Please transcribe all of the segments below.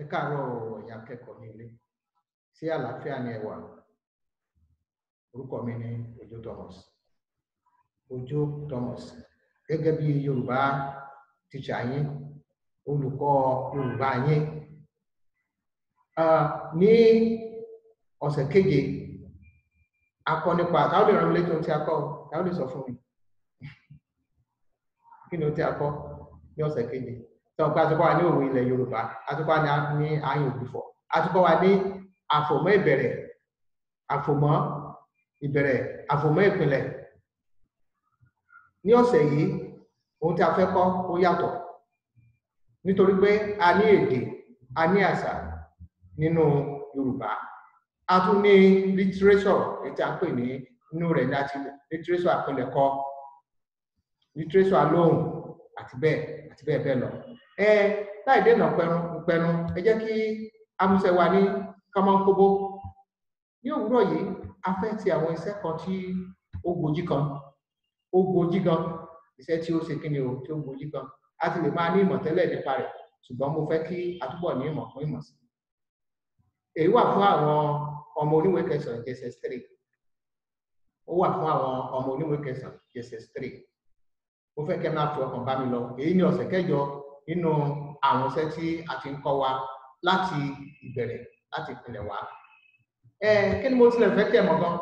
ẹ káàárọ̀ ẹ̀yin akẹ́kọ̀ọ́ ní ilé sí àlàáfíà ni ẹ wà orúkọ mi ni Òjó Thomas Òjó Thomas gẹ́gẹ́ bí Yorùbá tíṣà yín olùkọ́ Yorùbá yín ní ọ̀sẹ̀ keje akọ nípa táwọn lè ràn létí ohun tí a kọ táwọn lè sọ fún mi kí ni ohun tí a kọ ní ọ̀sẹ̀ keje tọ́pẹ́ àtúkọ́ wa ní òwe ilẹ̀ Yorùbá àtúkọ́ wa ní ààyè ògbìfọ̀ àtúkọ́ wa ní àfòmọ́ ìbẹ̀rẹ̀ àfòmọ́ ìbẹ̀rẹ̀ àfòmọ́ ìpìlẹ̀ ní ọ̀sẹ̀ yìí ohun tí a fẹ́ kọ́ ó yàtọ̀ nítorí pé a ní èdè a ní àṣà nínú Yorùbá a tún ní lítírésọ̀ ètò à ní inú rẹ̀ láti lítírésọ̀ àpilẹ̀kọ lítírésọ̀ alóhùn àti bẹ́ẹ̀ àti bẹ́ẹ̀ bẹ́ẹ̀ lọ ẹ láì dènà pẹrun pẹrun ẹ jẹ́ kí amúṣẹ wa ní kọmọkóbó ní yìí a àwọn kan tí ó kan ó gan tí ó ni o tí ó gan a ti lè máa ní nípa rẹ̀ ṣùgbọ́n mo fẹ́ kí àtúbọ̀ ní ìmọ̀ fún ìmọ̀ sí èyí wà fún àwọn ọmọ oníwèé kẹsàn ọmọ oníwèé kẹsàn kẹ́ máa nínú àwọn iṣẹ́ tí a ti ń kọ́ wa láti ìbẹ̀rẹ̀ láti ìpìlẹ̀ wa. ẹ kí ni mo tilẹ̀ fẹ́ kẹ́ mọ̀ gan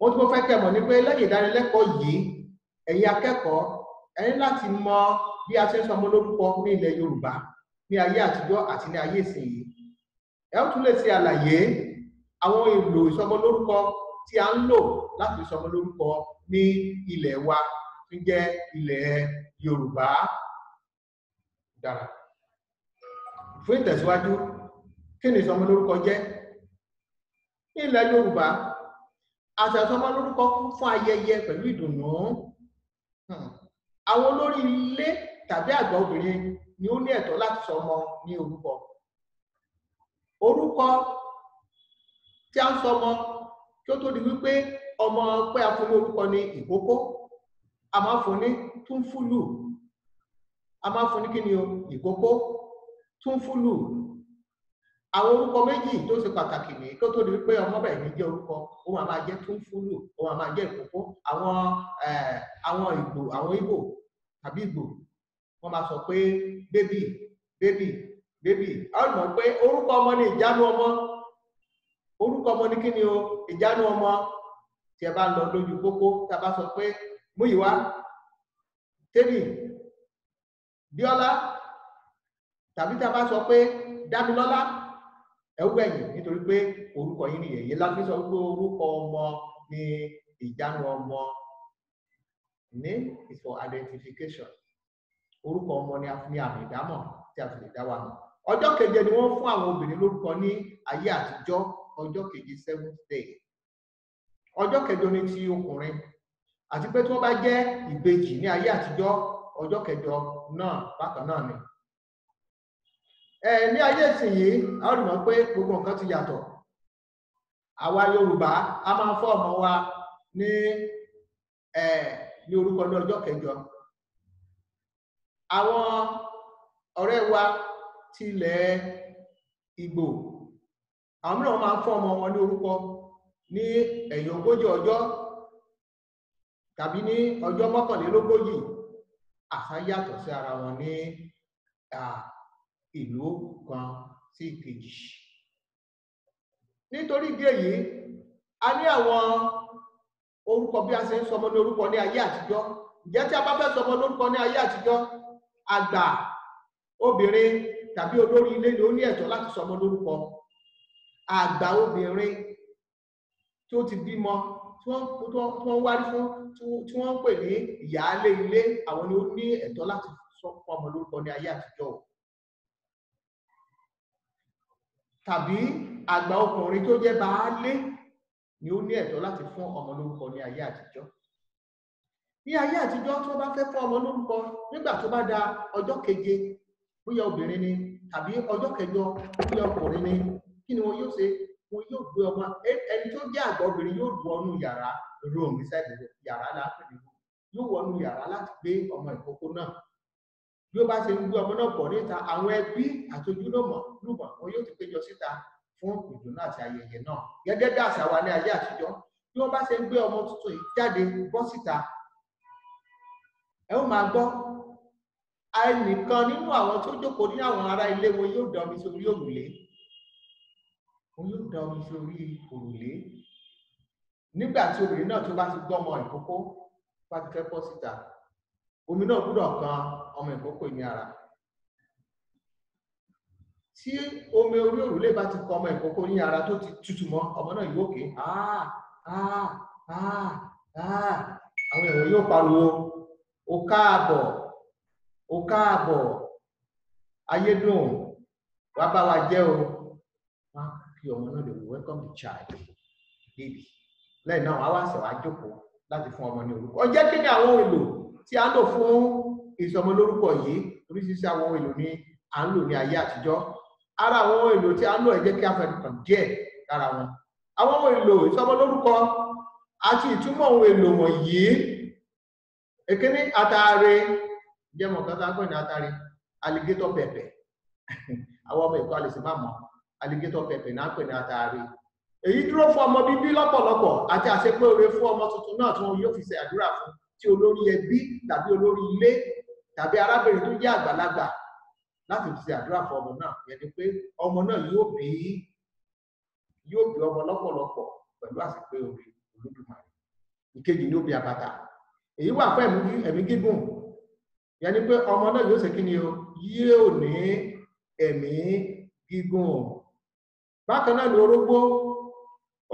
ohun tí mo fẹ́ kẹ́ mọ̀ ni pé lẹ́yìn ìdánilẹ́kọ̀ọ́ yìí ẹ̀yin akẹ́kọ̀ọ́ ẹ ní láti mọ bí a ṣe ń sọmọ lórúkọ ní ilẹ̀ Yorùbá ní ayé àtijọ́ àti ní ayé ìsinyìí ẹ ó tún lè ṣe àlàyé àwọn èlò ìsọmọ lórúkọ tí a ń lò láti sọmọ lórúkọ ní ilẹ̀ wa tó jẹ́ ilẹ̀ Yorùbá dára fún ìtẹ̀síwájú kí ni ìsọmọlórúkọ jẹ́ ní ilẹ̀ Yorùbá àṣà ìsọmọlórúkọ fún ayẹyẹ pẹ̀lú ìdùnnú hmm. àwọn olórí ilé tàbí àgbà obìnrin ni ó ní ẹ̀tọ́ láti sọ ọmọ ní orúkọ orúkọ tí a ń sọ ọmọ kí ó tó di wípé ọmọ pé a fún ní orúkọ ní ìkókó a máa fún ní túnfúlù a máa fún ní kí ni o ìkókó túnfúlù àwọn orúkọ méjì tó ṣe pàtàkì ní kó tó di wípé ọmọ bẹ̀rẹ̀ ní jẹ́ orúkọ ó máa máa jẹ́ túnfúlù ó máa máa jẹ́ ìkókó àwọn àwọn ìgbò àwọn ìgbò tàbí ìgbò wọ́n máa sọ pé bébì bébì bébì a ó mọ̀ pé orúkọ ọmọ ni ìjánu ọmọ orúkọ ọmọ ní kí ni o ìjánu ọmọ tí ẹ bá lọ lójú pópó tí a bá sọ pé múyìwá tébì bíọ́lá tàbí tá a bá sọ pé dámilọ́lá ẹ̀wú ẹ̀yìn nítorí pé orúkọ yín ni yìí láti sọ pé orúkọ ọmọ ni ìjánu ọmọ name is for identification orúkọ ọmọ ni a fi ní àmì ìdámọ̀ tí a fi lè dá wa mọ̀ ọjọ́ keje ni wọ́n fún àwọn obìnrin lórúkọ ní ayé àtijọ́ ọjọ́ keje seventh day ọjọ́ kẹjọ ni ti ọkùnrin àti pé tí wọ́n bá jẹ́ ìbejì ní ayé àtijọ́ ọjọ́ kẹjọ náà bákan náà ni ẹ ní ayé ìsìnyí a rí mọ̀ pé gbogbo nǹkan ti yàtọ̀ àwa Yorùbá a máa fọ ọmọ wa ní ẹ ní orúkọ ní ọjọ́ kẹjọ àwọn ọ̀rẹ́ wa tilẹ̀ Ìgbò àwọn mìíràn máa ń fọ́ ọmọ wọn ní orúkọ ní ẹ̀yìn ogójì ọjọ́ tàbí ní ọjọ́ mọ́kànlélógójì àṣà yàtọ̀ sí ara wọn ní ìlú kan sí ìkejì nítorí ìdí èyí a ní àwọn orúkọ bí a ṣe ń sọmọ ní orúkọ ní ayé àtijọ́ ǹjẹ́ tí a bá fẹ́ sọmọ lórúkọ ní ayé àtijọ́ àgbà obìnrin tàbí olórí ilé ni ó ní ẹ̀tọ́ láti sọmọ lórúkọ àgbà obìnrin tó ti bímọ tí wọ́n wárí fún tí wọ́n ń pè ní ìyáálé ilé àwọn ni ó ní ẹ̀tọ́ láti sọ fún ọmọ lórúkọ ní ayé àtijọ́ tàbí àgbà ọkùnrin tó jẹ́ baálé ni ó ní ẹ̀tọ́ láti fún ọmọ lórúkọ ní ayé àtijọ́ ní ayé àtijọ́ tí wọ́n bá fẹ́ fún ọmọ lórúkọ nígbà tó bá da ọjọ́ keje bóyá obìnrin ni tàbí ọjọ́ kẹjọ bóyá ọkùnrin ni kí ni wọn yóò ṣe wọn yóò gbé ọmọ ẹni tó jẹ́ àgbà obìnrin yóò wọnú yàrá room inside yàrá lápẹ̀lú yóò wọnú yàrá láti gbé ọmọ ìkókó náà bí ó bá ṣe ń gbé ọmọ náà pọ̀ níta àwọn ẹbí àtojúlùmọ̀ lùmọ̀ wọn yóò ti péjọ síta fún ìdùnnú àti ayẹyẹ náà gẹ́gẹ́ bí àṣà wa ní ayé àtijọ́ bí wọ́n bá ṣe ń gbé ọmọ tuntun yìí jáde bọ́ síta ẹ ó máa gbọ́ ẹnìkan nínú àwọn tó jókòó ní àwọn ará ilé wọn yóò dán omi sórí òrùlé òun yóò da omi sórí òrùlé nígbà tí obìnrin náà tó bá ti gbọ́ ọmọ ìkókó bá ti fẹ́ pọ̀ síta omi náà gbúdọ̀ kan ọmọ ìkókó ní ara tí omi orí òrùlé bá ti kan ọmọ ìkókó ní ara tó ti tutù mọ́ ọmọ náà yóò ké áà áà áà áà àwọn èrò yóò pariwo o káàbọ̀ o káàbọ̀ ayédùn wàá bá wa jẹ́ o kí ọmọ náà lè wò welcome the child baby lẹ́yìn náà wá wá sẹ̀ wá jókòó láti fún ọmọ ní orúkọ ó jẹ́ kí ni àwọn ohun èlò tí a lò fún ìsọmọlórúkọ yìí oríṣiríṣi àwọn ohun èlò ni à ń lò ní ayé àtijọ́ ara àwọn ohun èlò tí a ń lò ẹ jẹ́ kí a fẹnu kàn díẹ̀ lára wọn àwọn ohun èlò ìsọmọlórúkọ àti ìtumọ̀ ohun èlò wọ̀nyí èkíní àtàrí jẹ́ mọ̀ọ́kátà pé ní àtàrí alligator pẹ̀pẹ̀ àwọn ọmọ ìkọ́ àlè sì má mọ̀ alligator pepper náà pè ní àtàrí èyí dúró fún ọmọ bíbí lọ́pọ̀lọpọ̀ àti àṣepé oore fún ọmọ tuntun náà tí wọn yóò fi ṣe àdúrà fún tí olórí ẹbí tàbí olórí ilé tàbí arábìnrin tó jẹ́ àgbàlagbà láti fi ṣe àdúrà fún ọmọ náà yẹn ni pé ọmọ náà yóò bí yóò bí ọmọ lọ́pọ̀lọpọ̀ pẹ̀lú àṣepé oore olódùmarè ìkejì ní òbí àbàtà èyí wà fún ẹ̀mí gígùn yẹn ni pé ọmọ náà yóò ṣe kí ni o yóò ní ẹ̀mí gígùn bákan náà ni orógbó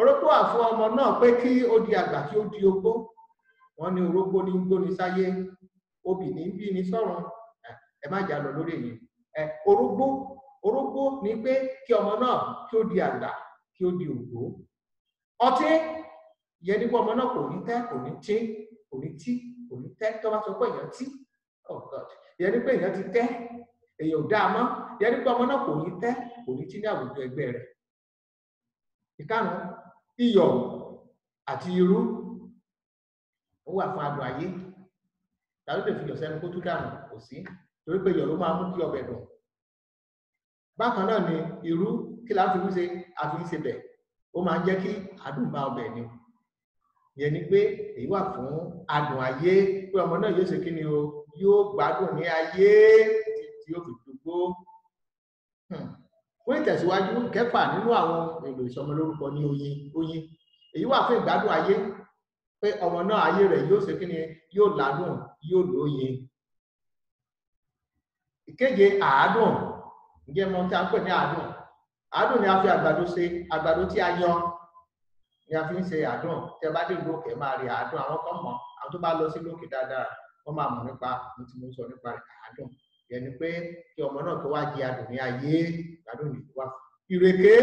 orógbó àfún ọmọ náà pé kí ó di àgbà kí ó di ogbó wọn ni orógbó ní gbóni sáyé obì bí ní sọrọ ẹ má jà lọ lórí èyí orógbó orógbó ni pé kí ọmọ náà kí ó di àgbà kí ó di ògbó ọtí yẹ ọmọ náà kò ní tẹ kò ní tí ìkarùn iyọ̀ àti irú ó wà fún adùn ayé tàbí lè fi yọ̀ sẹ́nu kó tún dànù kò sí torí pé iyọ̀ ló máa mú kí ọbẹ̀ dùn bákan náà ni irú kí la fi ń ṣe àfi ń ṣebẹ̀ ó máa ń jẹ́ kí adùn bá ọbẹ̀ ni yẹn ni pé èyí wà fún adùn ayé pé ọmọ náà yóò ṣe kí ni o yóò gbádùn ní ayé tí yóò fi dùgbò. Hmm. fún ìtẹ̀síwájú kẹfà nínú àwọn èlò ìsọmọlórúkọ ní oyin oyin èyí wà fún ìgbádùn ayé pé ọmọ náà ayé rẹ̀ yóò ṣe kíni yóò ládùn yóò lóyin ìkeje àádùn ǹjẹ́ mọ tí a ń pè ní àádùn àádùn ni a fi àgbàdo ṣe àgbàdo tí a yan ni a fi ń ṣe àádùn tẹ bá dé ìlú òkè máa rí àádùn àwọn kan àwọn tó bá lọ sí lókè yẹni pé kí ọmọ náà tó wá di adùn ní ayé ìgbádùn ní wà fún ìrèké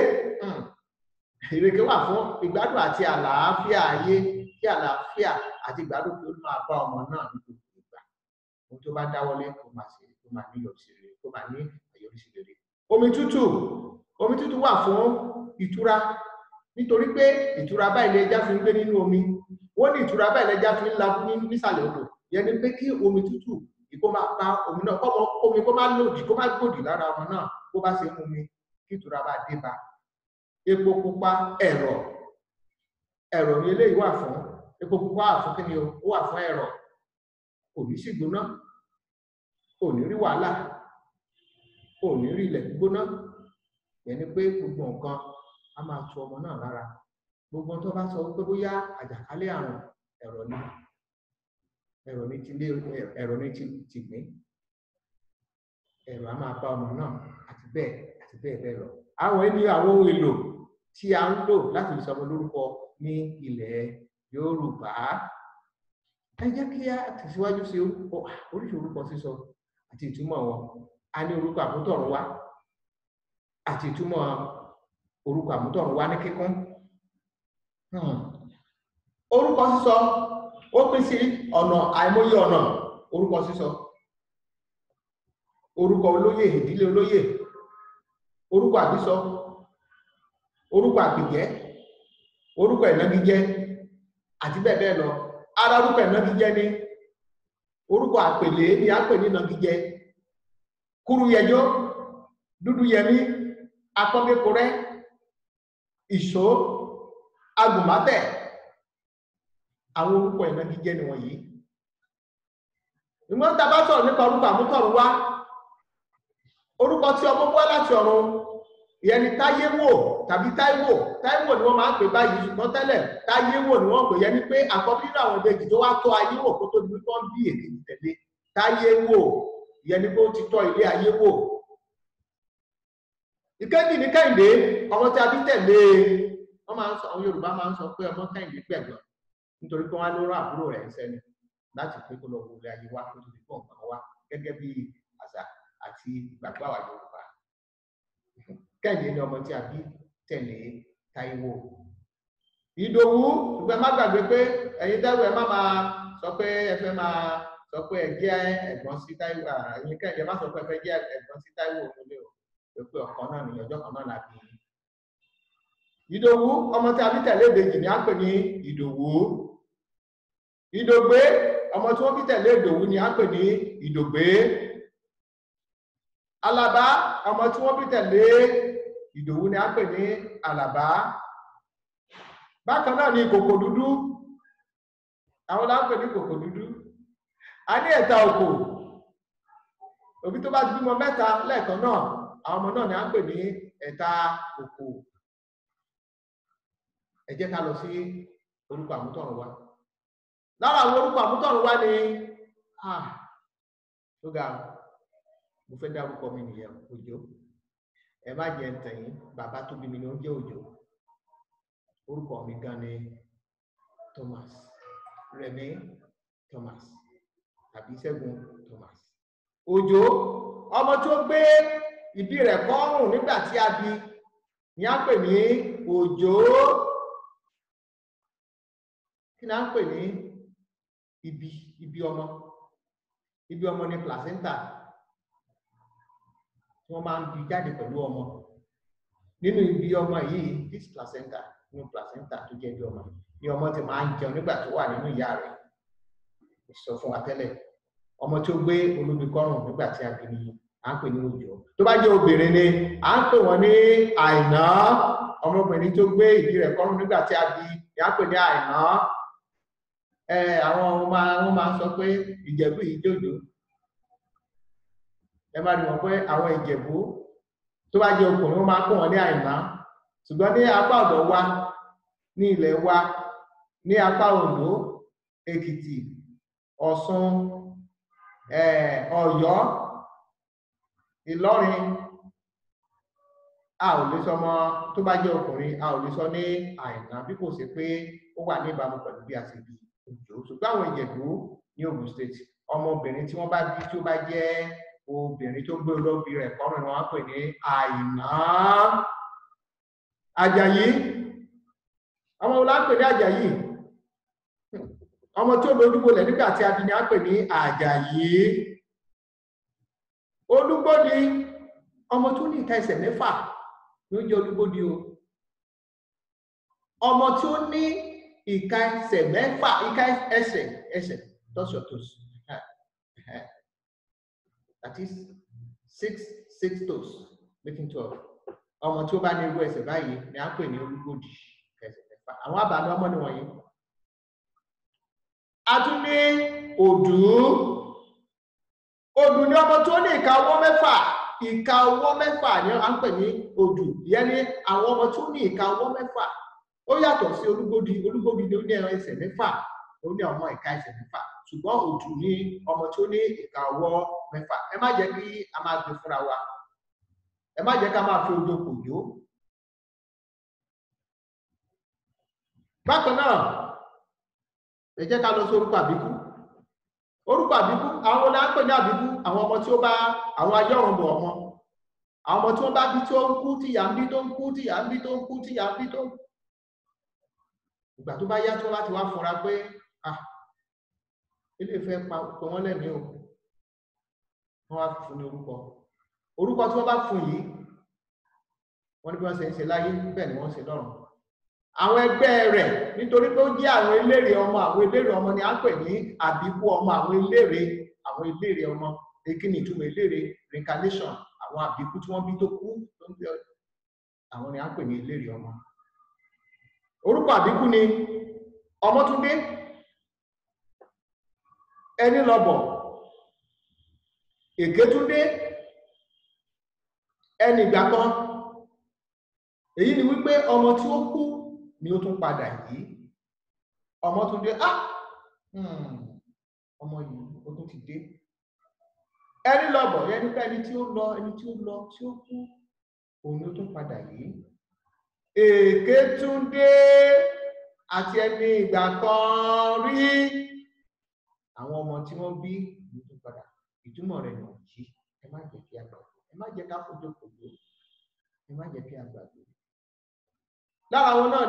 hmm, ìrèké wà fún ìgbádùn àti àlàáfíà ayé kí àlàáfíà àti ìgbádùn kí ó máa bá ọmọ náà ní gbogbo ìgbà ohun tó bá dáwọ́lé kó máa ṣe kó máa ní ìyọrísí rere kó máa ní ìyọrísí rere omi tútù omi tútù wà fún ìtura nítorí pé ìtura báyìí lè já fi ń gbé nínú omi wọ́n ní ìtura báyìí lè fi ń la nísàlẹ̀ odò yẹni pé kí omi tútù kó máa bá omi náà kọ́mọ omi kó má lòdì kó má gbòdì lára ọmọ náà bó bá ṣe ń mumi kí ìtura bá dé bá epo pupa ẹ̀rọ̀ ẹ̀rọ̀ ni eléyìí wà fún epo pupa wà fún kíni o ó wà fún ẹ̀rọ̀ kò ní sí gbóná kò ní rí wàhálà kò ní rí ilẹ̀ gbóná yẹni pé gbogbo nǹkan a máa tu ọmọ náà lára gbogbo tó bá sọ pé bóyá àjàkálẹ̀ àrùn ẹ̀rọ̀ ni ẹ̀rọ̀mí ti lé ti a máa bá ọmọ náà àti bẹ́ẹ̀ àti bẹ́ẹ̀ bẹ́ẹ̀ lọ. àwọn ẹni àwọn ohun èlò tí a ń lò láti lè sọmọ lórúkọ ní ilẹ̀ Yorùbá ẹ jẹ́ kí a tẹ̀síwájú sí oríṣi orúkọ sísọ àti ìtumọ̀ wọn a ní orúkọ ó pín sí ọ̀nà àìmọye ọ̀nà orúkọ sísọ orúkọ olóyè ìdílé olóyè orúkọ àbísọ orúkọ àgbèjẹ́ orúkọ ìnagijẹ àti bẹ́ẹ̀ bẹ́ẹ̀ lọ ara orúkọ ìnagijẹ ni orúkọ àpèlé ni ní kúrú dúdú yẹmí ìṣó agùnmátẹ̀ àwọn orúkọ ìnagijẹ ni wọ̀nyí ìmọ̀ tá a bá sọ̀rọ̀ nípa orúkọ àmútọ̀run wá orúkọ tí ọmọ wá láti ọ̀run ìyẹn ni táyéwò tàbí táíwò táíwò ni wọ́n máa ń pè báyìí ṣùgbọ́n tẹ́lẹ̀ táyéwò ni wọ́n pè yẹn ni pé àkọ́bí nínú àwọn ìbejì tó wá tọ́ ayé wò kó tó ní wọ́n bí èdè tẹ̀lé táyéwò ìyẹn ni pé ó ti tọ́ ilé ayé wò ìkejì ní kẹ́hìndé ọmọ tí a bí tẹ̀lé wọ́n máa ń sọ àwọn yorùbá máa ń sọ pé ọmọ kẹ́hìndé pẹ̀lú nítorí pé wọ́n á ló rán àbúrò rẹ̀ ń sẹ́ni láti pé kó lọ wo ilé ayé wa kó tó fi kó nǹkan wá gẹ́gẹ́ bí àṣà àti ìgbàgbọ́ àwa Yorùbá Kẹ́hìndé ni ọmọ tí a bí tẹ̀lé Táíwò Ìdòwú ṣùgbọ́n má gbàgbé pé ẹ̀yin Táíwò ẹ má máa sọ pé ẹ fẹ́ máa sọ pé ẹ jẹ́ ẹ̀gbọ́n sí Táíwò ẹ̀yin Kẹ́hìndé má sọ pé ẹ fẹ́ jẹ́ ẹ̀gbọ́n sí Táíwò nílé o pé pé ọ̀kan náà nìyẹn ọjọ́ kan náà là bí Ìdòwú ọmọ tí a bí tẹ̀lé ìbejì ni a pè ní Ìdòwú ìdògbé ọmọ tí wọ́n bí tẹ̀lé ìdòwú ni a ń pè ní ìdògbé alàbá ọmọ tí wọ́n bí tẹ̀lé ìdòwú ni a ń pè ní alàbá bákan náà ni kòkò dúdú àwọn la ń pè ní kòkò dúdú a ní ẹ̀ta òkò òbí tó bá ti bímọ mẹ́ta lẹ́ẹ̀kan náà àwọn ọmọ náà ni a ń pè ní ẹ̀ta òkò ẹ jẹ́ ká lọ sí orúkọ àmútọ̀run wa lára àwọn orúkọ àmútọ̀run wá ní tó ah, ga mo fẹ́ dárúkọ mi nìyẹn òjò ẹ má jẹ ntẹ̀yìn bàbá tó bí mi ni ó jẹ́ òjò orúkọ mi gan ni Thomas Rẹ̀mí Thomas tàbí Ṣẹ́gun Thomas òjò ọmọ tó gbé ìdí rẹ̀ kọ́rùn nígbà tí a bí ni a pè ní òjò kí ni a pè ní ibi ibi ọmọ ibi ọmọ ni placenta tí wọ́n máa ń bi jáde pẹ̀lú ọmọ nínú ibi ọmọ yìí this placenta nínú placenta tó jẹ́ ibi ọmọ ni ọmọ ti máa ń jẹun nígbà tó wà nínú ìyá rẹ̀ sọ fún wa tẹ́lẹ̀ ọmọ tí ó gbé olóbi kọ́rùn nígbà tí a bí ni à ń pè ní òjò tó bá jẹ́ obìnrin ni à ń pè wọ́n ní àìná ọmọbìnrin tó gbé ìdí rẹ̀ kọ́rùn nígbà tí a bí ni à ń pè ní àìná àwọn ọmọ wọn máa sọ pé ìjẹ̀bú yìí jòjò ẹ bá rí wọn pé àwọn ìjẹ̀bú tó bá jẹ́ okùnrin wọn máa kó wọn ní àìmá ṣùgbọ́n ní apá ọ̀dọ̀ wa ní ilẹ̀ wa ní apá Oǹdó Èkìtì Ọ̀ṣun Ọ̀yọ́ Ìlọrin a ò lè sọ ọmọ tó bá jẹ́ ọkùnrin a ò lè sọ ní àìná bí kò ṣe pé ó wà ní ìbámu pẹ̀lú bí a ṣe bí i òjò ṣùgbọ́n àwọn ìjẹ̀bú ní Ògùn state ọmọbìnrin tí wọ́n bá bí tí ó bá jẹ́ obìnrin tó gbé olóbi rẹ̀ kọ́rùn ni wọ́n pè ní àìná àjàyí ọmọ wo la ń pè ní àjàyí ọmọ tí ó lójúbolẹ̀ nígbà tí a bí ni a pè ní àjàyí olúgbòdì ọmọ tó ní ìka ẹsẹ̀ mẹ́fà ló jẹ́ olúgbòdì o ọmọ tí ó ní ika ẹsẹ̀ mẹ́fà ika ẹsẹ̀ ẹsẹ̀ that is six six toes making twelve ọmọ tí ó bá ní irú ẹsẹ̀ báyìí ni à ń pè ní olúgbòdì ẹsẹ̀ mẹ́fà àwọn àbàmì ọmọ a tún ní òdù òdù ni ní òdù àwọn ọmọ ó yàtọ̀ sí olúgbòdì olúgbòdì ló ní ẹran ẹsẹ̀ mẹ́fà ó ní ọmọ ìka ẹsẹ̀ mẹ́fà ṣùgbọ́n òjò ní ọmọ tí ó ní ìka ọwọ́ mẹ́fà ẹ má jẹ́ kí a máa gbé fúnra wa ẹ má jẹ́ ká máa fi odò kò yó. bákan náà ẹ jẹ́ ká lọ sí orúkọ àbíkú orúkọ àbíkú àwọn olè ní àbíkú àwọn ọmọ tí ó bá àwọn ìgbà tó bá yá tó láti wá fọ́ra pé ah ilé ìfẹ́ pa wọ́n lẹ́mí o wọ́n wá fún ní orúkọ orúkọ tí wọ́n bá fún yìí wọ́n ni bí wọ́n ṣe ń ṣe láyé bẹ́ẹ̀ ni wọ́n ṣe lọ́run àwọn ẹgbẹ́ rẹ̀ nítorí pé ó jẹ́ àwọn eléré ọmọ àwọn eléré ọmọ ni a ń pè ní àbíkú ọmọ àwọn eléré àwọn eléré ọmọ ekini ìtumọ̀ eléré reincarnation àwọn àbíkú tí wọ́n bí tó kú àwọn ni a ń pè ní eléré ọmọ orúkọ àbíkú ni ọmọtúndé ẹni lọ́bọ̀ èkétúndé ẹni ìgbà kan èyí ni wípé ọmọ tí ó kú ni ó tún padà yìí ọmọtúndé á ah! hmm, ọmọ yìí ó tún ti dé ẹni lọ́bọ̀ ẹni tí ó lọ ẹni tí ó lọ tí ó kú òun ni ó tún padà yìí Èkétúndé àti ẹni ìgbà kan rí àwọn ọmọ tí wọ́n bí ní tún padà rẹ̀ nà yìí ẹ má jẹ́ kí a ẹ má ká fojú ẹ má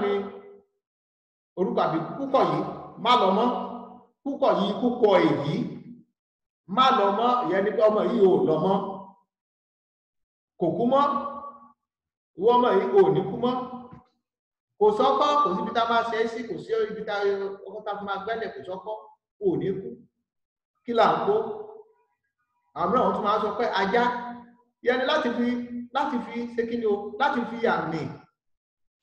ni orúkọ àbí púpọ̀ yìí má lọ mọ́ púpọ̀ yìí púpọ̀ ọmọ yìí ò lọ mọ́ kò kú mọ́ kò sọ́kọ́ kò síbi tá a máa ṣe é sí kò sí ibi tá ọkọ̀ tá a fi máa gbẹ́lẹ̀ kò sọ́kọ́ kò ní kú kí là ń kó àmì àwọn tó máa sọ pé ajá yẹni láti fi láti fi ṣe kí ni o láti fi àmì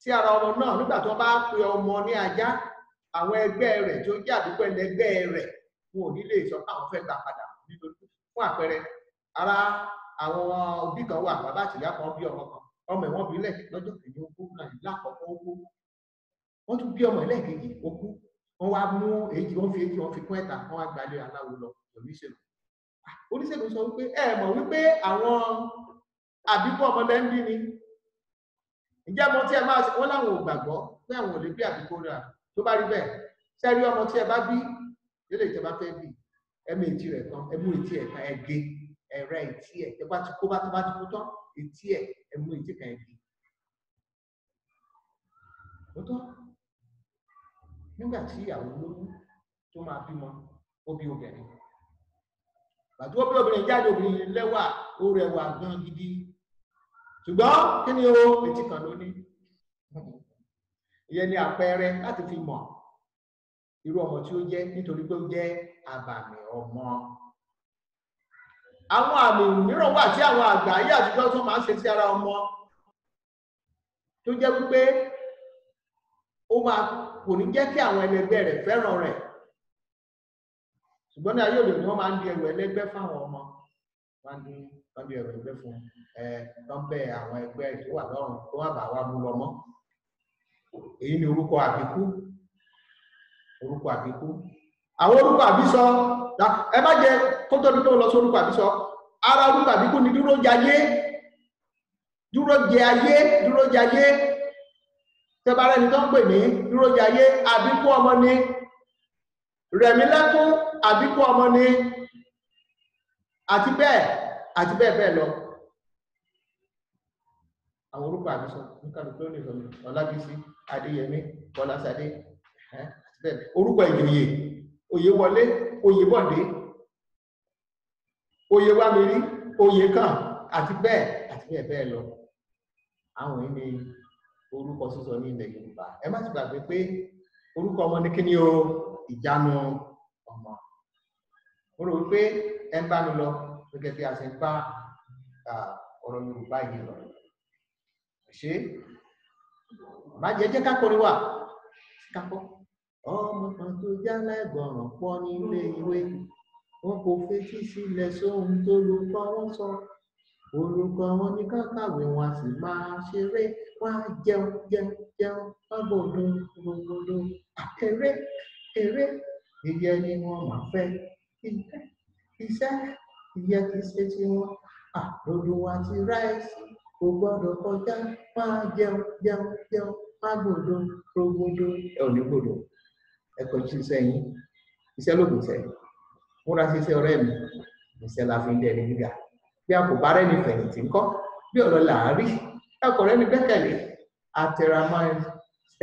sí ara ọmọ náà nígbà tó bá pe ọmọ ní ajá àwọn ẹgbẹ́ rẹ̀ tó jẹ́ àdúgbò ẹlẹgbẹ́ rẹ̀ wọn ò ní lè sọ pé àwọn fẹ́ gbà padà nítorí fún àpẹẹrẹ ara àwọn òbí kan wà bàbá àtìyá kan bí ọmọ ọmọ ẹ̀wọ̀n bíi lẹ́ẹ̀kejì lọ́jọ́ kejì ó kú náà lákọ̀ọ́kọ́ ó kú wọ́n tún bí ọmọ ẹlẹ́ẹ̀kejì ó kú wọ́n wá mú èjì wọ́n fi èjì wọ́n fi kún ẹ̀ta wọ́n wá gbalẹ̀ aláwo lọ pẹ̀lú ìṣèlú ah, oníṣègùn sọ wípé ẹ mọ̀ wípé àwọn àbíkú ọmọ bẹ́ẹ̀ ń bí ni ǹjẹ́ ọmọ tí ẹ máa ṣe wọ́n láwọn ò gbàgbọ́ pé àwọn ò lè bí àbíkú rà tó bá rí bẹ́ẹ̀ sẹ́rí ọmọ tí ẹ bá bí yóò lè fẹ́ bí ẹ mú rẹ̀ tán ẹ mú etí ẹ̀ ẹ̀rẹ́ etí ẹ̀ tẹ́ bá kó bá ti kú tán etí ẹ̀ em 10 chiếc này betul enggak sih ya belum cuma bímọ obi obìnrin gbàtí wọ́n bí obìnrin jáde obìnrin lẹ́wà ó rẹwà gan gidi ṣùgbọ́n kí ni ó etí kan ló ní ìyẹn ni àpẹẹrẹ fi irú ọmọ tí ó jẹ́ nítorí pé ó abàmì ọmọ àwọn àmì mìíràn wà tí àwọn àgbà ayé àtijọ́ tó máa ṣe sí ara ọmọ tó jẹ́ wípé ó máa kò ní jẹ́ kí àwọn ẹlẹgbẹ́ rẹ̀ fẹ́ràn rẹ̀ ṣùgbọ́n ní ayé òde ni wọ́n máa ń di ẹlẹgbẹ́ fáwọn ọmọ wọ́n di wọ́n di ẹlẹgbẹ́ fún ẹ àwọn ẹgbẹ́ tó ẹ má jẹ kótó ní tó lọ sórúkọ àbí sọ ara orúkọ àbí kò ní dúró jẹ ayé dúró jẹ ayé dúró jẹ ayé tẹbàrà ẹni tó ń pè ní dúró jẹ ayé àbíkú ọmọ ni rẹ̀mí lẹ́kún àbíkú ọmọ ni àti bẹ́ẹ̀ àti bẹ́ẹ̀ bẹ́ẹ̀ lọ àwọn orúkọ àbísọ níkàlùkù ló lè sọ ọlábísí adéyẹmí bọlá sadé àti bẹ́ẹ̀ orúkọ ìjòyè òye wọlé Oyèbọ̀dé Oyèwámirí Oyèkàn àti bẹ́ẹ̀ àti bẹ́ẹ̀ bẹ́ẹ̀ lọ àwọn yìí ni orúkọ sísọ ní ilẹ̀ Yorùbá ẹ má ti gbàgbé pé orúkọ ọmọ ní kíni o ìjánu ọmọ mo rò wípé ẹ ń bá mi lọ gẹ́gẹ́ bí a ṣe ń bá ọ̀rọ̀ Yorùbá yìí lọ ṣé má jẹ́ jẹ́ ká kọrin wà ká kọ́ ọmọ kan tó jáláìgbọràn pọ̀ nílé ìwé wọn kò fetí sílẹ̀ sóhun tó lùkọ́ wọn sọ olùkọ́ wọn ní ká kàwé wọn a sì máa ṣeré wọn jẹun jẹun jẹun wọn bò eré eré ìyẹn ni wọn máa fẹ́ iṣẹ́ ìyẹn kì í ṣe tiwọn àlòdù àti ráìsì kò gbọ́dọ̀ kọjá máa jẹun jẹun jẹun má gbọ́dọ̀ ẹ ò ní gbọ́dọ̀ ẹ kọjú iṣẹ́ yín iṣẹ́ lóògùn iṣẹ́ múra sí iṣẹ́ ọ̀rẹ́ mi iṣẹ́ la fi ń dẹni gíga bí a kò bá rẹ́ni fẹ̀yìntì ńkọ́ bí ọ̀rọ̀ là á rí ẹ̀kọ́ rẹ́ni gbẹ́kẹ̀lé àtẹ̀ramọ́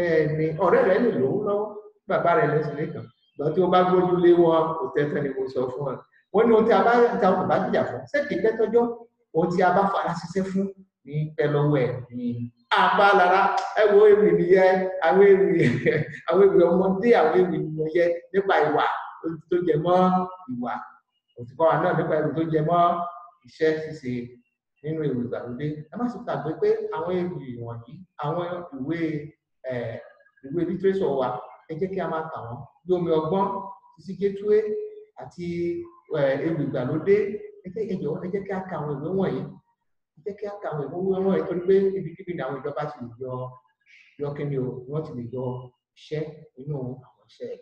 ẹni ọ̀rẹ́ rẹ̀ lè lówó lọ́wọ́ bàbá rẹ̀ lẹ́sìn lẹ́kàn lọ tí o bá gbójú lé wọ òtẹ́tẹ́ ni mo sọ fún ẹ wọ́n ní ohun tí a bá ta ọkọ̀ bá jìyà fún ṣé kì í pẹ́ tọ́jọ́ ohun tí a bá fara ṣiṣẹ́ fún ní pẹ́ lọ́wọ́ ẹ̀ agbálára ẹwọ ewì nìyẹn àwọn ewì àwọn ewì ọmọdé àwọn ewì nìyẹn nípa ìwà tó jẹ mọ́ ìwà òtúkọ wa náà nípa ewì tó jẹ mọ́ iṣẹ́ ṣíṣe nínú ewì ìgbàlódé ẹ má sì gbàgbé pé àwọn ewì wọ̀nyí àwọn ìwé ìwé lítírésọ̀ wa ẹ jẹ́ kí a máa kà wọ́n bí omi ọgbọ́n títí gétúwé àti ewì ìgbàlódé ẹ jẹ́ kí a kà àwọn ìwé wọ̀nyí jẹ́ kí á ka àwọn ìwọ́n wọ́n rẹ̀ torí pé ibikíbi ni àwọn ìjọba ti lè yọ yọ kíni o wọ́n ti lè yọ iṣẹ́ inú àwọn iṣẹ́ ẹ̀.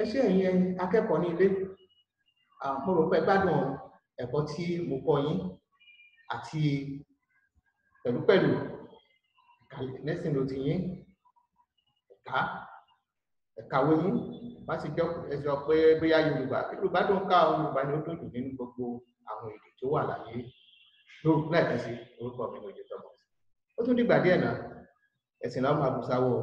ẹ ṣe ẹ̀yin akẹ́kọ̀ọ́ ní ilé mo rò pé gbádùn ẹ̀kọ́ tí mo kọ́ yín àti pẹ̀lúpẹ̀lú lẹ́sìn ló ti yín ẹ̀ka ẹ̀kàwé yín má sì jọ ẹ sọ pé bóyá Yorùbá Yorùbá tó ń ká Yorùbá ni ó dùn jù nínú gbogbo àwọn èdè tó wà láyé lẹ́ẹ̀kan sí orúkọ mi lòye tọmọ ó tún dìgbà díẹ̀ náà ẹ̀sìn láwọn àbùsáwọ̀